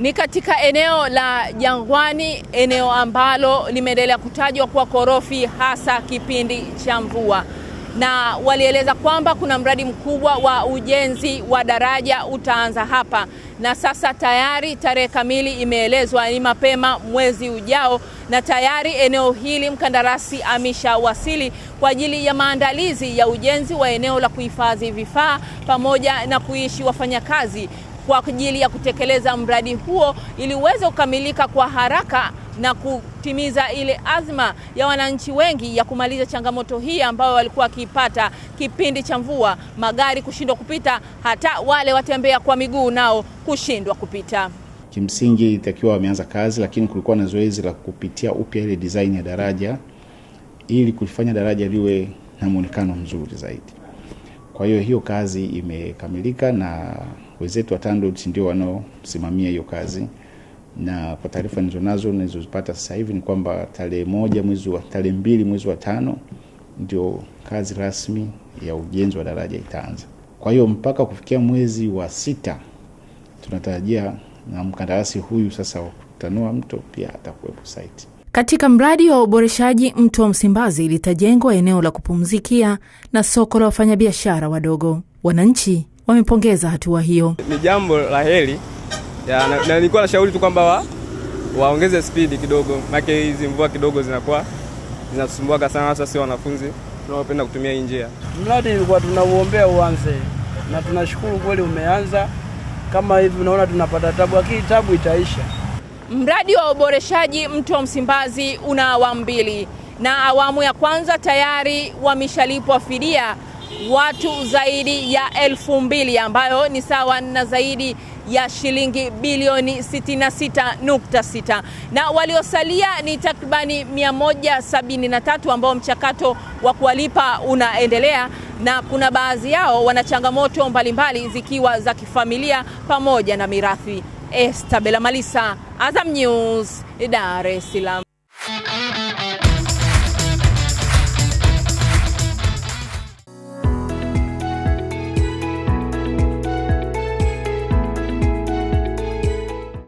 Ni katika eneo la Jangwani, eneo ambalo limeendelea kutajwa kuwa korofi hasa kipindi cha mvua, na walieleza kwamba kuna mradi mkubwa wa ujenzi wa daraja utaanza hapa, na sasa tayari tarehe kamili imeelezwa ni mapema mwezi ujao, na tayari eneo hili mkandarasi ameshawasili kwa ajili ya maandalizi ya ujenzi wa eneo la kuhifadhi vifaa pamoja na kuishi wafanyakazi kwa ajili ya kutekeleza mradi huo ili uweze kukamilika kwa haraka na kutimiza ile azma ya wananchi wengi ya kumaliza changamoto hii ambayo walikuwa wakiipata kipindi cha mvua, magari kushindwa kupita, hata wale watembea kwa miguu nao kushindwa kupita. Kimsingi itakiwa wameanza kazi, lakini kulikuwa na zoezi la kupitia upya ile design ya daraja ili kulifanya daraja liwe na mwonekano mzuri zaidi. Kwa hiyo hiyo kazi imekamilika na wenzetu wa TANROADS ndio wanaosimamia hiyo kazi, na kwa taarifa nilizonazo nilizozipata sasa hivi ni kwamba tarehe moja mwezi wa tarehe mbili mwezi wa tano ndio kazi rasmi ya ujenzi wa daraja itaanza. Kwa hiyo mpaka kufikia mwezi wa sita tunatarajia na mkandarasi huyu sasa wa kutanua mto pia atakuwepo site. Katika mradi wa uboreshaji mto wa Msimbazi litajengwa eneo la kupumzikia na soko la wafanyabiashara wadogo. Wananchi wamepongeza hatua hiyo. Ni jambo la heri na nilikuwa nashauri tu kwamba wa, waongeze spidi kidogo, make hizi mvua kidogo zinakuwa zinasumbuaka sana, hasa sio wanafunzi tunaopenda kutumia hii njia. Mradi ilikuwa tunauombea uanze, na tunashukuru kweli umeanza kama hivi, unaona tunapata tabu, lakini tabu itaisha. Mradi wa uboreshaji mto Msimbazi una awamu mbili, na awamu ya kwanza tayari wameshalipwa fidia watu zaidi ya elfu mbili ambayo ni sawa na zaidi ya shilingi bilioni 66.6 na waliosalia ni takribani 173 ambao mchakato wa kuwalipa unaendelea na kuna baadhi yao wana changamoto mbalimbali zikiwa za kifamilia pamoja na mirathi. Esta Bela Malisa, Azam News, Dar es Salaam.